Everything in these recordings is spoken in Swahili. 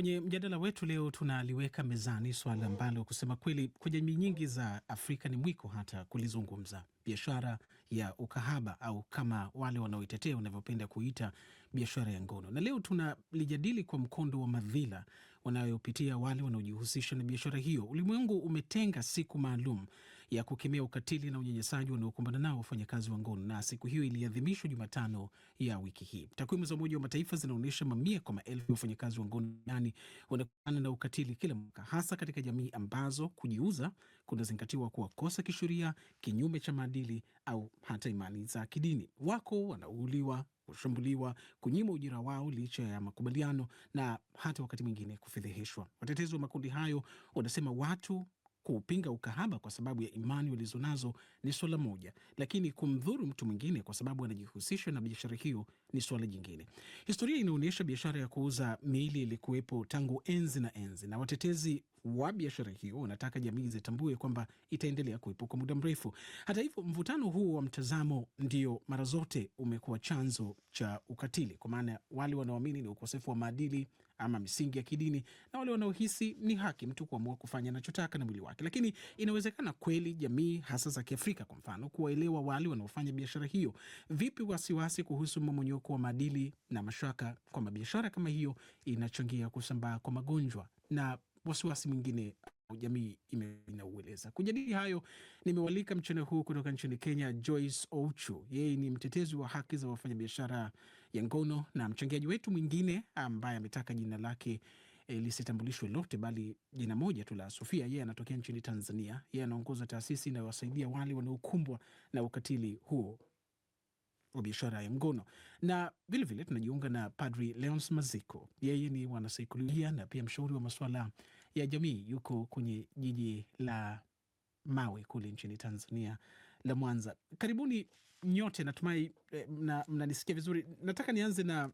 Kwenye mjadala wetu leo tunaliweka mezani swala ambalo kusema kweli kwa jamii nyingi za Afrika ni mwiko hata kulizungumza, biashara ya ukahaba au kama wale wanaoitetea wanavyopenda kuita biashara ya ngono. Na leo tunalijadili kwa mkondo wa madhila wanayopitia wale wanaojihusisha na biashara hiyo. Ulimwengu umetenga siku maalum ya kukemea ukatili na unyanyasaji wanaokumbana nao wafanyakazi wa ngono, na siku hiyo iliadhimishwa Jumatano ya wiki hii. Takwimu za Umoja wa Mataifa zinaonyesha mamia kwa maelfu ya wafanyakazi wa ngono duniani wanakumbana na ukatili kila mwaka, hasa katika jamii ambazo kujiuza kunazingatiwa kuwa kosa kisheria, kinyume cha maadili au hata imani za kidini. Wako wanauliwa kushambuliwa, kunyimwa ujira wao licha ya makubaliano na hata wakati mwingine kufedheheshwa. Watetezi wa makundi hayo wanasema watu Kuupinga ukahaba kwa sababu ya imani walizonazo ni swala moja, lakini kumdhuru mtu mwingine kwa sababu anajihusisha na biashara hiyo ni swala jingine. Historia inaonyesha biashara ya kuuza miili ilikuwepo tangu enzi na enzi, na watetezi wa biashara hiyo wanataka jamii zitambue kwamba itaendelea kuwepo kwa muda mrefu. Hata hivyo, mvutano huo wa mtazamo ndio mara zote umekuwa chanzo cha ukatili, kwa maana wale wanaoamini ni ukosefu wa maadili ama misingi ya kidini na wale wanaohisi ni haki mtu kuamua kufanya anachotaka na mwili wake. Lakini inawezekana kweli jamii hasa za Kiafrika kwa mfano kuwaelewa wale wanaofanya biashara hiyo? Vipi wasiwasi kuhusu mamonyoko wa maadili na mashaka kwamba biashara kama hiyo inachangia kusambaa kwa magonjwa na wasiwasi mwingine jamii inaueleza. Kujadili hayo nimewalika mchana huu kutoka nchini Kenya Joyce Ouchu, yeye ni mtetezi wa haki za wafanyabiashara ya ngono. Na mchangiaji wetu mwingine ambaye ametaka jina lake e, lisitambulishwe lote bali jina moja tu la Sofia, yeye anatokea nchini Tanzania. Yeye anaongoza taasisi inayowasaidia wale wanaokumbwa na ukatili huo wa biashara ya ngono. Na vilevile tunajiunga na Padri Leons Maziko, yeye ni mwanasaikolojia na pia mshauri wa masuala ya jamii, yuko kwenye jiji la mawe kule nchini Tanzania la Mwanza. Karibuni nyote natumai eh, mnanisikia vizuri. Nataka nianze na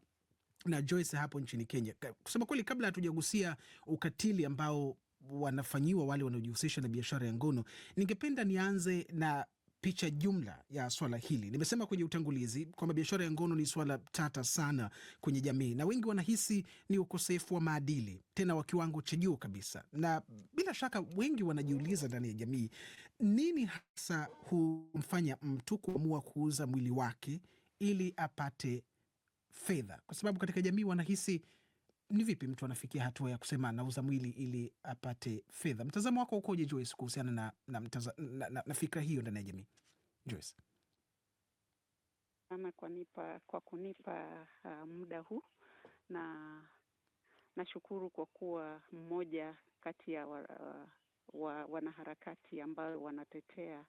na Joyce hapo nchini Kenya. Kusema kweli, kabla hatujagusia ukatili ambao wanafanyiwa wale wanaojihusisha na biashara ya ngono, ningependa nianze na picha jumla ya swala hili? Nimesema kwenye utangulizi kwamba biashara ya ngono ni swala tata sana kwenye jamii, na wengi wanahisi ni ukosefu wa maadili, tena wa kiwango cha juu kabisa, na bila shaka wengi wanajiuliza ndani ya jamii, nini hasa humfanya mtu kuamua kuuza mwili wake ili apate fedha, kwa sababu katika jamii wanahisi ni vipi mtu anafikia hatua ya kusema anauza mwili ili apate fedha? Mtazamo wako ukoje Joyce, kuhusiana na, na, na, na, na fikra hiyo ndani ya jamii Joyce? Sana kwa nipa kwa kunipa uh, muda huu na nashukuru kwa kuwa mmoja kati ya wa, wa, wanaharakati ambao wanatetea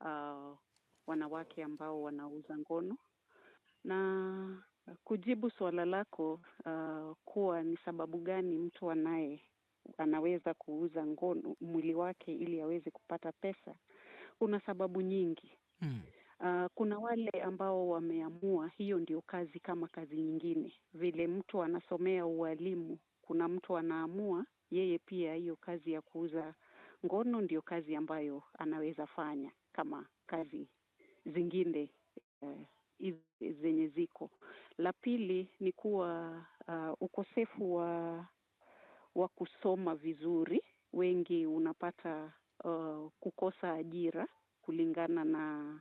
uh, wanawake ambao wanauza ngono na Kujibu suala lako uh, kuwa ni sababu gani mtu anaye anaweza kuuza ngono mwili wake ili aweze kupata pesa, kuna sababu nyingi mm. Uh, kuna wale ambao wameamua hiyo ndio kazi kama kazi nyingine. Vile mtu anasomea ualimu, kuna mtu anaamua yeye pia hiyo kazi ya kuuza ngono ndio kazi ambayo anaweza fanya kama kazi zingine uh, zenye ziko. La pili ni kuwa uh, ukosefu wa wa kusoma vizuri, wengi unapata uh, kukosa ajira kulingana na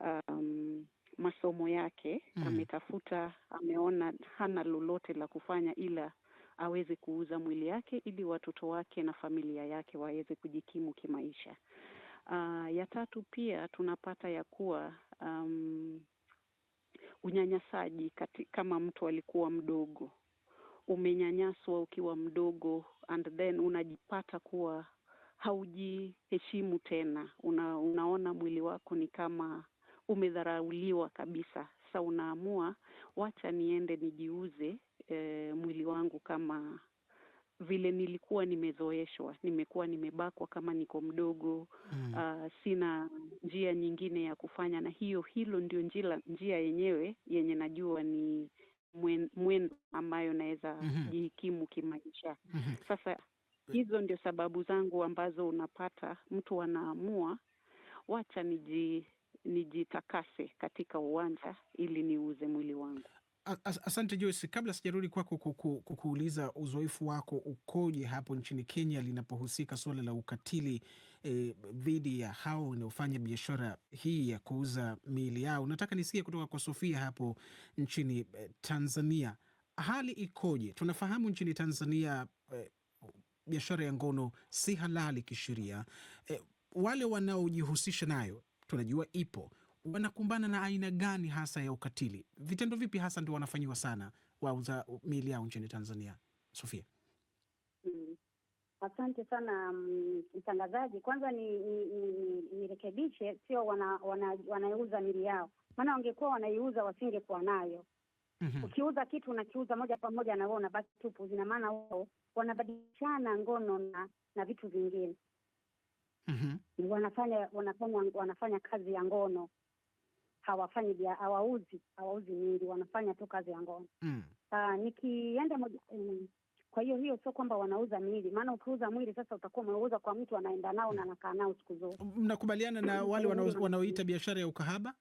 um, masomo yake mm. Ametafuta, ameona hana lolote la kufanya ila aweze kuuza mwili yake ili watoto wake na familia yake waweze kujikimu kimaisha. Uh, ya tatu pia tunapata ya kuwa um, unyanyasaji kati, kama mtu alikuwa mdogo, umenyanyaswa ukiwa mdogo and then unajipata kuwa haujiheshimu tena. Una, unaona mwili wako ni kama umedharauliwa kabisa. Sasa unaamua wacha niende nijiuze, e, mwili wangu kama vile nilikuwa nimezoeshwa, nimekuwa nimebakwa kama niko mdogo mm. Uh, sina njia nyingine ya kufanya, na hiyo hilo ndio njia, njia yenyewe yenye najua ni mwendo ambayo naweza mm -hmm. jihikimu kimaisha mm -hmm. Sasa hizo ndio sababu zangu ambazo unapata mtu anaamua wacha niji nijitakase katika uwanja ili niuze mwili wangu asante Joyce, kabla sijarudi kwako kukuuliza uzoefu wako ukoje hapo nchini Kenya linapohusika suala la ukatili e, dhidi e, ya hao wanaofanya biashara hii ya kuuza miili yao, nataka nisikie kutoka kwa Sofia hapo nchini e, Tanzania, hali ikoje? Tunafahamu nchini Tanzania e, biashara ya ngono si halali kisheria. E, wale wanaojihusisha nayo tunajua ipo wanakumbana na aina gani hasa ya ukatili? Vitendo vipi hasa ndio wanafanyiwa sana wauza miili yao nchini Tanzania? Sofia. Mm. Asante sana mm, mtangazaji. Um, kwanza nirekebishe ni, ni, ni sio wanauza wana, wana miili yao, maana wangekuwa wanaiuza wasingekuwa nayo. mm -hmm. Ukiuza kitu unakiuza moja kwa moja na wewe unabaki tupu, zina maana wao wanabadilishana ngono na, na vitu vingine. mm -hmm. Wanafanya wanafanya wanafanya kazi ya ngono hawafanyi hawauzi hawauzi mingi, wanafanya tu kazi ya ngono mm. Uh, nikienda moja um, kwa hiyo hiyo sio kwamba wanauza miili, maana ukiuza mwili sasa utakuwa umeuza kwa mtu anaenda nao na mm. anakaa nao siku zote. Mnakubaliana na mm, wale wanaoita biashara ya ukahaba?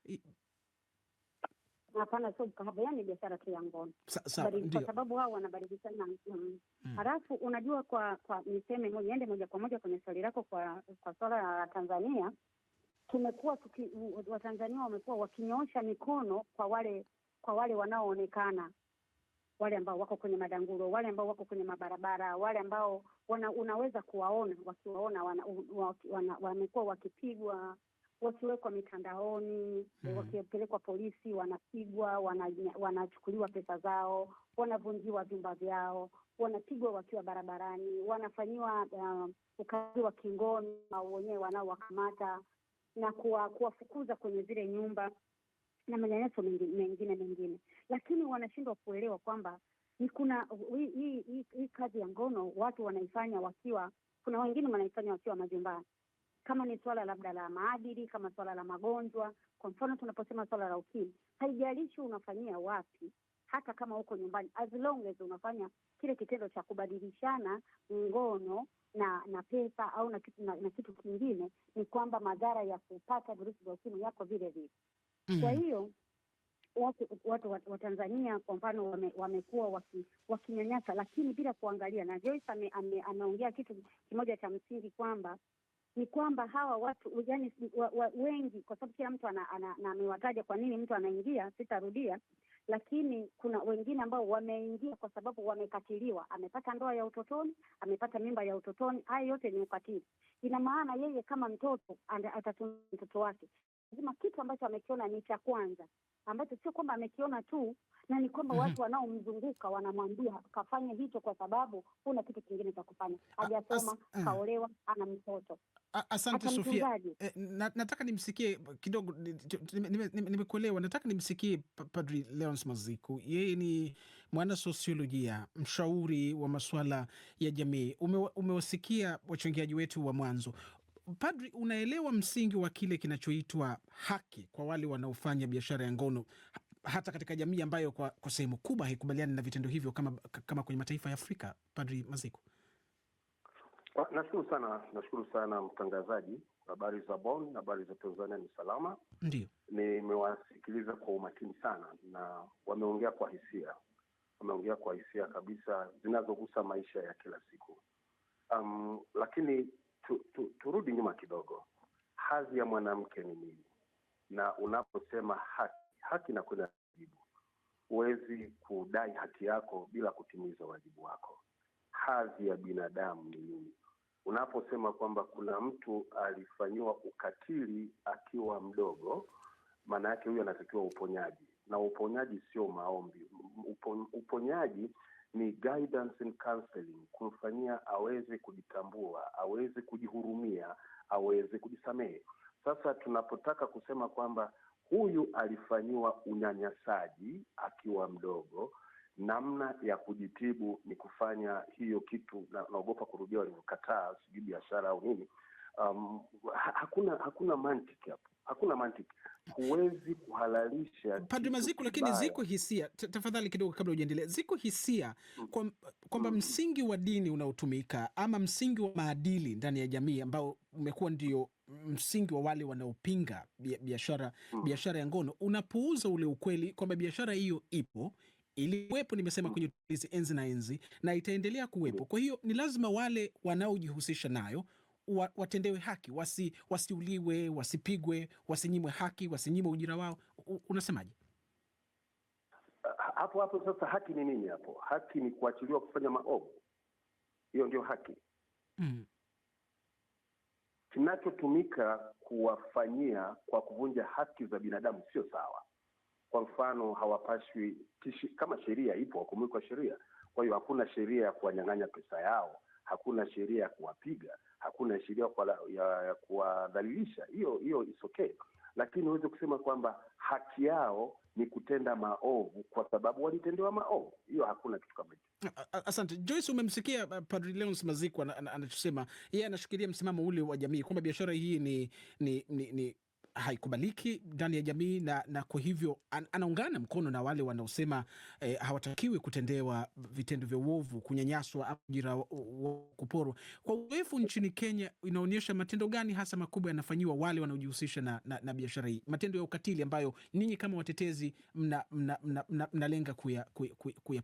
Hapana, sio ukahaba, yani biashara tu ya ngono kwa sababu hao wanabadilishana mm. Halafu unajua, kwa kwa niseme moja, ende moja kwa moja kwenye swali lako, kwa kwa swala la Tanzania tumekuwa Watanzania wamekuwa wakinyoosha mikono kwa wale kwa wale wanaoonekana wale ambao wako kwenye madanguro, wale ambao wako kwenye mabarabara, wale ambao wana, unaweza kuwaona wakiwaona wamekuwa wana, wakipigwa wakiwekwa mitandaoni hmm. Wakipelekwa polisi, wanapigwa wanachukuliwa pesa zao, wanavunjiwa vyumba vyao, wanapigwa wakiwa barabarani, wanafanyiwa uh, ukazi wa kingono, wenyewe wanaowakamata na kuwafukuza kuwa kwenye zile nyumba na manyanyaso mengine mengine, lakini wanashindwa kuelewa kwamba ni kuna hii kazi ya ngono watu wanaifanya wakiwa, kuna wengine wanaifanya wakiwa majumbani, kama ni swala labda la maadili, kama swala la magonjwa. Kwa mfano tunaposema swala la ukimwi, haijalishi unafanyia wapi, hata kama uko nyumbani, as long as unafanya kile kitendo cha kubadilishana ngono na na pesa au na kitu, na, na kitu kingine, ni kwamba madhara ya kupata virusi vya ukimwi yako vile vile. Mm. Kwa hiyo watu wa wa Tanzania kwa mfano wamekuwa wame wakinyanyasa waki, lakini bila kuangalia, na Joyce ame, ame, ameongea kitu kimoja cha msingi kwamba ni kwamba hawa watu yani, wa, wa, wengi kwa sababu kila mtu ana, ana, ana, kwa nini mtu anaingia, sitarudia lakini kuna wengine ambao wameingia kwa sababu wamekatiliwa. Amepata ndoa ya utotoni, amepata mimba ya utotoni. Haya yote ni ukatili. Ina maana yeye kama mtoto atatuma mtoto wake, lazima kitu ambacho amekiona ni cha kwanza ambacho sio kwamba amekiona tu na ni kwamba mhm. watu wanaomzunguka wanamwambia kafanya hicho kwa sababu huna kitu kingine cha kufanya, hajasoma, mm. kaolewa, ana mtoto. Asante Sofia, eh, nataka nimsikie kidogo, nimekuelewa. Nataka nimsikie Padri Leons Maziku, yeye ni mwana sosiolojia, mshauri wa masuala ya jamii. Umewasikia wachangiaji wetu wa mwanzo, padri, unaelewa msingi wa kile kinachoitwa haki kwa wale wanaofanya biashara ya ngono hata katika jamii ambayo kwa, kwa sehemu kubwa haikubaliani na vitendo hivyo kama, kama kwenye mataifa ya Afrika. Padri Maziku. Ah, nashukuru sana, nashukuru sana mtangazaji. Habari za Bonn, habari za Tanzania ni salama? Ndio, nimewasikiliza kwa umakini sana, na wameongea kwa hisia, wameongea kwa hisia kabisa zinazogusa maisha ya kila siku. Um, lakini tu, tu, turudi nyuma kidogo. Hadhi ya mwanamke ni nini? Na unaposema haki, haki na kuna wajibu. Huwezi kudai haki yako bila kutimiza wajibu wako. Hadhi ya binadamu ni nini? Unaposema kwamba kuna mtu alifanyiwa ukatili akiwa mdogo, maana yake huyo anatakiwa uponyaji, na uponyaji sio maombi. Upo, uponyaji ni guidance and counseling, kumfanyia aweze kujitambua, aweze kujihurumia, aweze kujisamehe. Sasa tunapotaka kusema kwamba huyu alifanyiwa unyanyasaji akiwa mdogo, namna ya kujitibu ni kufanya hiyo kitu, na naogopa kurudia walivyokataa, sijui biashara au nini, um, hakuna hakuna mantiki hapo, hakuna mantiki. Huwezi kuhalalisha Padri Maziku, lakini ziko hisia. Tafadhali kidogo, kabla ujaendelea ziko hisia mm. kwamba kwa mm. msingi wa dini unaotumika ama msingi wa maadili ndani ya jamii ambao umekuwa ndio msingi wa wale wanaopinga biashara mm. biashara ya ngono unapuuza ule ukweli kwamba biashara hiyo ipo iliwepo nimesema kwenye hizi enzi na enzi na itaendelea kuwepo. Kwa hiyo ni lazima wale wanaojihusisha nayo watendewe haki, wasi, wasiuliwe, wasipigwe, wasinyimwe haki, wasinyimwe ujira wao. Unasemaje hapo? Hapo sasa haki ni nini hapo? Haki ni kuachiliwa kufanya maovu, hiyo ndio haki mm. Kinachotumika kuwafanyia kwa kuvunja haki za binadamu sio sawa. Kwa mfano hawapashwi kama sheria ipo wakumikwa kwa sheria. Kwa hiyo hakuna sheria ya kuwanyang'anya pesa yao hakuna sheria ya kuwapiga, hakuna sheria ya kuwadhalilisha. Hiyo hiyo is okay, lakini huwezi kusema kwamba haki yao ni kutenda maovu kwa sababu walitendewa maovu. Hiyo hakuna kitu kama hicho. Asante Joyce. Umemsikia uh, Padri Leons Mazikwa anachosema, yeye anashikilia msimamo ule wa jamii kwamba biashara hii ni, ni, ni, ni haikubaliki ndani ya jamii na, na kwa hivyo an, anaungana mkono na wale wanaosema eh, hawatakiwi kutendewa vitendo vya uovu, kunyanyaswa au ajira kuporwa. Kwa urefu nchini Kenya inaonyesha matendo gani hasa makubwa yanafanyiwa wale wanaojihusisha na, na, na biashara hii, matendo ya ukatili ambayo ninyi kama watetezi mnalenga mna, mna, mna, mna kuyapinga kuya, kuya, kuya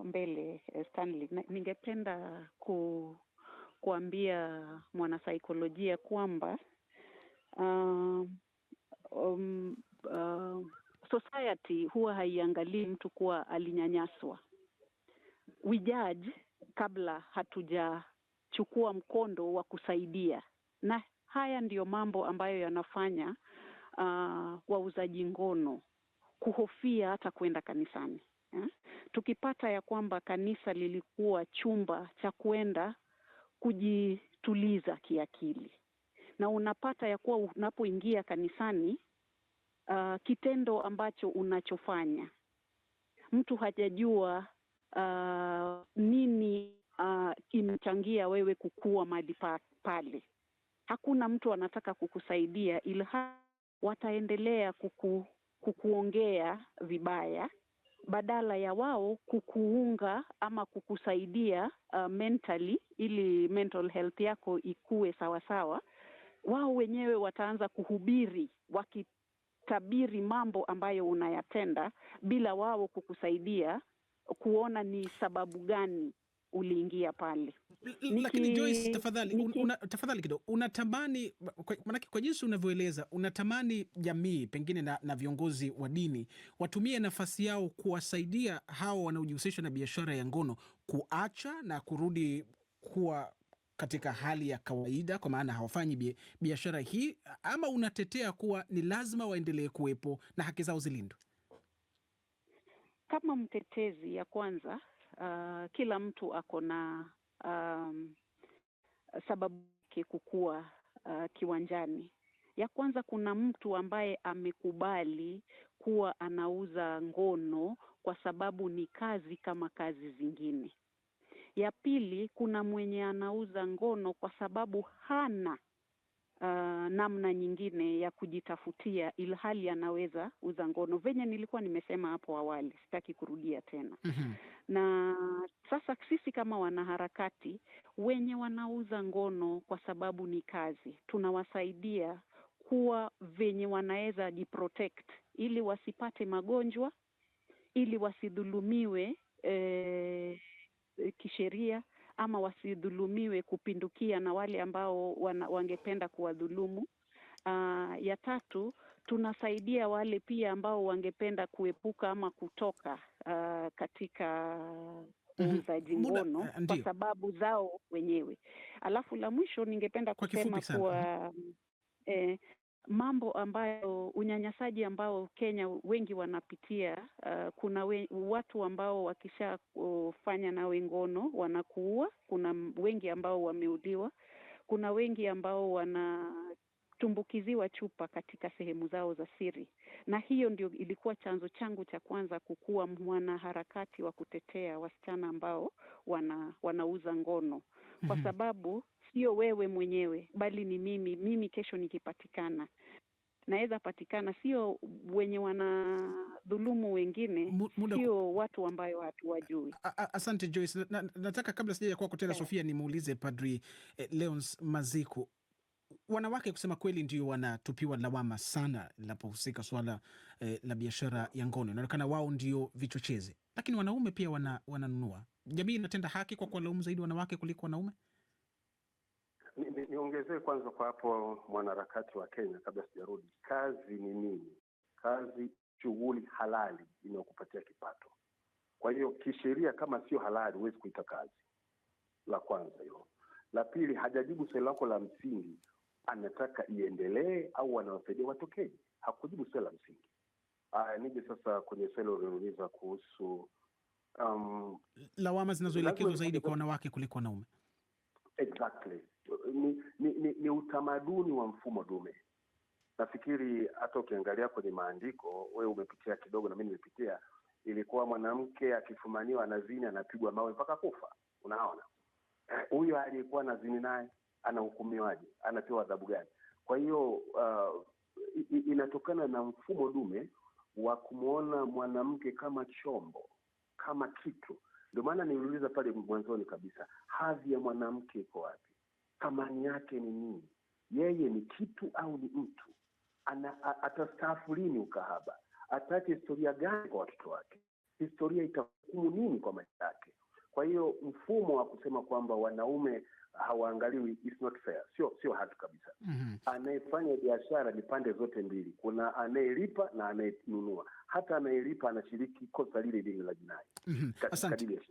ah, mbele. Eh, Stanley, ningependa ku kuambia mwanasaikolojia kwamba uh, um, uh, society huwa haiangalii mtu kuwa alinyanyaswa. We judge kabla hatujachukua mkondo wa kusaidia, na haya ndiyo mambo ambayo yanafanya uh, wauzaji ngono kuhofia hata kwenda kanisani. Ha? Eh? Tukipata ya kwamba kanisa lilikuwa chumba cha kwenda kujituliza kiakili, na unapata ya kuwa unapoingia kanisani uh, kitendo ambacho unachofanya mtu hajajua uh, nini uh, ah, imechangia wewe kukua mali pale. Hakuna mtu anataka kukusaidia, ilha wataendelea kuku, kukuongea vibaya badala ya wao kukuunga ama kukusaidia uh, mentally ili mental health yako ikuwe sawasawa, wao wenyewe wataanza kuhubiri wakitabiri mambo ambayo unayatenda bila wao kukusaidia kuona ni sababu gani uliingia pale. Lakini Joyce, tafadhali una, tafadhali kidogo, unatamani maanake, kwa jinsi unavyoeleza, unatamani jamii pengine na, na viongozi wa dini watumie nafasi yao kuwasaidia hawa wanaojihusisha na biashara ya ngono kuacha na kurudi kuwa katika hali ya kawaida, kwa maana hawafanyi biashara hii, ama unatetea kuwa ni lazima waendelee kuwepo na haki zao zilindwe? Kama mtetezi ya kwanza, uh, kila mtu ako na um, sababu yake kukua uh, kiwanjani. Ya kwanza, kuna mtu ambaye amekubali kuwa anauza ngono kwa sababu ni kazi kama kazi zingine. Ya pili, kuna mwenye anauza ngono kwa sababu hana uh, namna nyingine ya kujitafutia, ilhali anaweza uza ngono, venye nilikuwa nimesema hapo awali, sitaki kurudia tena mm -hmm. Na sasa sisi kama wanaharakati wenye wanauza ngono, kwa sababu ni kazi, tunawasaidia kuwa venye wanaweza jiprotect ili wasipate magonjwa, ili wasidhulumiwe eh, kisheria ama wasidhulumiwe kupindukia na wale ambao wana, wangependa kuwadhulumu. Uh, ya tatu tunasaidia wale pia ambao wangependa kuepuka ama kutoka uh, katika uuzaji ngono mm -hmm. kwa sababu zao wenyewe. Alafu la mwisho ningependa kwa kusema kuwa mhm. eh, mambo ambayo unyanyasaji ambao Kenya wengi wanapitia. Uh, kuna we, watu ambao wakishafanya nawe ngono wanakuua. Kuna wengi ambao wameuliwa. Kuna wengi ambao wanatumbukiziwa chupa katika sehemu zao za siri, na hiyo ndio ilikuwa chanzo changu cha kwanza kukuwa mwanaharakati wa kutetea wasichana ambao wana, wanauza ngono kwa mm-hmm. sababu sio wewe mwenyewe, bali ni mimi. Mimi kesho nikipatikana naweza patikana, sio wenye wanadhulumu wengine, sio watu ambayo hatuwajui. Asante Joyce. Na, nataka kabla sijaja kwako tena yeah. Sofia, nimuulize Padri eh, Leons Maziku, wanawake kusema kweli ndio wanatupiwa lawama sana linapohusika swala eh, la biashara ya ngono. Inaonekana wao ndio vichochezi, lakini wanaume pia wana, wananunua. Jamii inatenda haki kwa kuwalaumu zaidi wanawake kuliko wanaume niongezee kwanza kwa hapo mwanaharakati wa Kenya, kabla sijarudi. Kazi ni nini? Kazi shughuli halali inayokupatia kipato. Kwa hiyo kisheria, kama sio halali, huwezi kuita kazi. La kwanza hilo. La pili, hajajibu swali lako la msingi, anataka iendelee au anawasaidia watokee? Hakujibu swali la msingi. Aya, nije sasa kwenye swali ulioniuliza kuhusu um, lawama zinazoelekezwa zaidi kwa wanawake kuliko wanaume. Exactly. Ni utamaduni wa mfumo dume. Nafikiri hata ukiangalia kwenye maandiko, wewe umepitia kidogo na mi nimepitia, ilikuwa mwanamke akifumaniwa anazini anapigwa mawe mpaka kufa. Unaona, eh, huyo aliyekuwa anazini naye anahukumiwaje? Anapewa adhabu gani? Kwa hiyo uh, inatokana na mfumo dume wa kumwona mwanamke kama chombo, kama kitu. Ndio maana niliuliza pale mwanzoni kabisa, hadhi ya mwanamke iko wapi? thamani yake ni nini? Yeye ni kitu au ni mtu? Ana atastaafu lini ukahaba? atake historia gani kwa watoto wake? Historia itahukumu nini kwa maisha yake? Kwa hiyo mfumo wa kusema kwamba wanaume hawaangaliwi, it's not fair, sio sio haki kabisa. mm -hmm. Anayefanya biashara ni pande zote mbili, kuna anayelipa na anayenunua. Hata anayelipa anashiriki kosa lile lile la jinai. mm -hmm.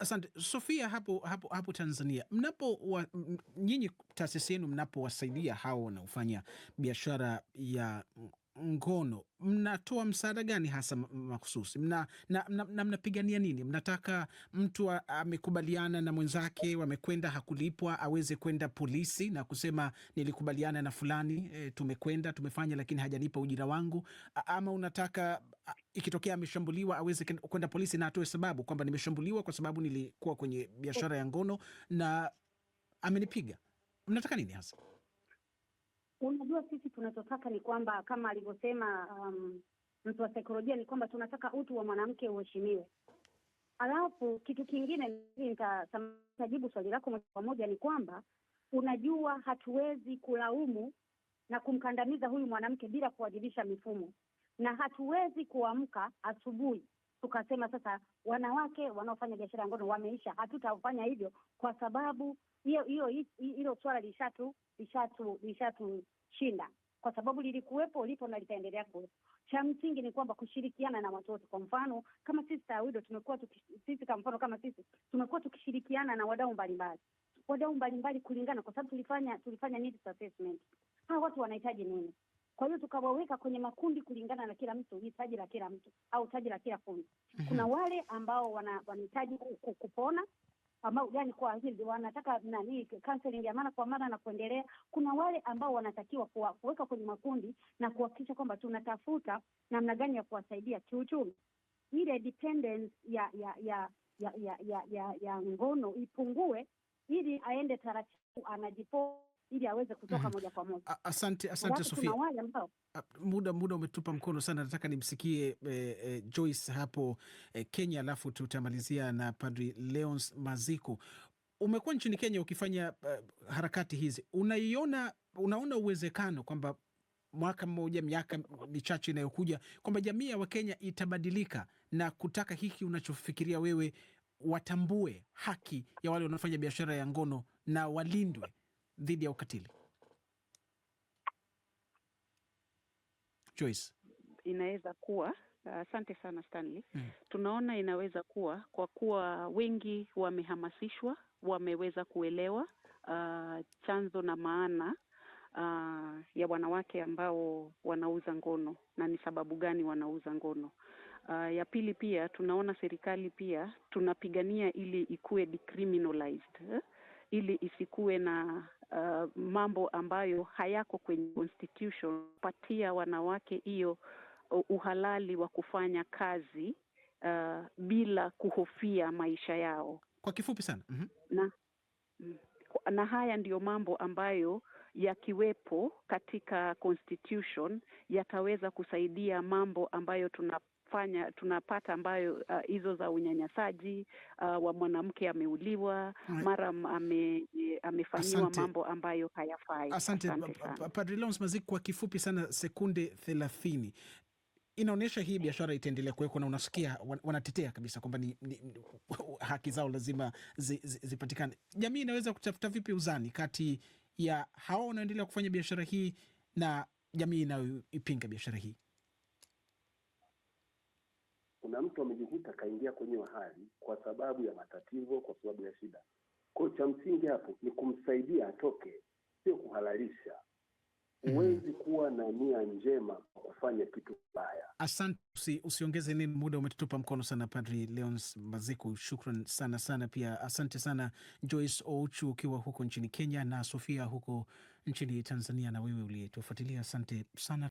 Asante Sofia. Hapo hapo hapo Tanzania, mnapo nyinyi, taasisi yenu mnapowasaidia hao wanaofanya biashara ya ngono mnatoa msaada gani hasa makhususi Mna, na, mna, mna mnapigania nini? Mnataka mtu amekubaliana na mwenzake wamekwenda hakulipwa aweze kwenda polisi na kusema nilikubaliana na fulani e, tumekwenda tumefanya, lakini hajanipa ujira wangu? Ama unataka ikitokea ameshambuliwa aweze kwenda polisi na atoe sababu kwamba nimeshambuliwa kwa sababu nilikuwa kwenye biashara ya ngono na amenipiga? Mnataka nini hasa? Unajua, sisi tunachotaka ni kwamba kama alivyosema um, mtu wa saikolojia ni kwamba tunataka utu wa mwanamke uheshimiwe. Alafu kitu kingine, nitajibu swali lako moja kwa moja, ni kwamba unajua, hatuwezi kulaumu na kumkandamiza huyu mwanamke bila kuwajibisha mifumo, na hatuwezi kuamka asubuhi tukasema sasa wanawake wanaofanya biashara ya ngono wameisha, hatutafanya hivyo kwa sababu hiyo hiyo, hilo swala lishatu lishatu lishatushinda kwa sababu lilikuwepo, lipo na litaendelea kuwepo. Cha msingi ni kwamba kushirikiana na watoto. Kwa mfano kama sisi TAWIDO tumekuwa sisi, kwa mfano kama sisi tumekuwa tukishirikiana na wadau mbalimbali, wadau mbalimbali kulingana, kwa sababu tulifanya tulifanya needs assessment, hawa watu wanahitaji nini kwa hiyo tukawaweka kwenye makundi kulingana na kila mtu, hitaji la kila mtu au hitaji la kila kundi. Mhm. Kuna wale ambao wanahitaji kupona ambao gani kwa hili wanataka nani counseling ya mara kwa mara na kuendelea. Kuna wale ambao wanatakiwa kuweka kwenye makundi na kuhakikisha kwamba tunatafuta namna gani ya kuwasaidia kiuchumi, ile dependence ya ya ya ya ya ya, ya, ya ngono ipungue, ili aende taratibu anajipoa ili aweze kutoka mm -hmm. moja kwa moja. Asante, asante Sofia. Wale ambao muda muda umetupa mkono sana, nataka nimsikie eh, eh, Joyce hapo eh, Kenya, alafu tutamalizia na Padri Leons Maziku. Umekuwa nchini Kenya ukifanya uh, harakati hizi, unaiona unaona uwezekano kwamba mwaka mmoja, miaka michache inayokuja, kwamba jamii ya Wakenya itabadilika na kutaka hiki unachofikiria wewe, watambue haki ya wale wanaofanya biashara ya ngono na walindwe dhidi ya ukatili? Joyce. Inaweza kuwa asante uh, sana Stanley. Mm. Tunaona inaweza kuwa kwa kuwa wengi wamehamasishwa, wameweza kuelewa uh, chanzo na maana Uh, ya wanawake ambao wanauza ngono na ni sababu gani wanauza ngono. Uh, ya pili pia tunaona serikali pia tunapigania ili ikuwe decriminalized eh, ili isikuwe na uh, mambo ambayo hayako kwenye constitution, wanawake hiyo uhalali wa kufanya kazi uh, bila kuhofia maisha yao. Kwa kifupi sana mm -hmm. na, na haya ndiyo mambo ambayo yakiwepo katika constitution yataweza kusaidia mambo ambayo tuna tunafanya tunapata ambayo uh, hizo uh, za unyanyasaji uh, wa mwanamke ameuliwa mara ame, amefanyiwa mambo ambayo hayafai. Asante, asante Padri Lawrence kwa kifupi sana sekunde thelathini inaonyesha hii biashara itaendelea kuwekwa na unasikia wanatetea kabisa kwamba ni, ni, haki zao lazima zi, zi, zipatikane. Jamii inaweza kutafuta vipi uzani kati ya hawa wanaoendelea kufanya biashara hii na jamii inayoipinga biashara hii? mtu amejikuta kaingia kwenye wahali kwa sababu ya matatizo, kwa sababu ya shida. Kwa hiyo cha msingi hapo ni kumsaidia atoke, sio kuhalalisha. Hmm. Huwezi kuwa na nia njema kwa kufanya kitu baya. Asante, usiongeze nini, muda umetutupa mkono sana. Padri Leons Maziku, shukran sana sana. Pia asante sana Joyce Ouchu ukiwa huko nchini Kenya na Sofia huko nchini Tanzania, na wewe uliyetufuatilia, asante sana.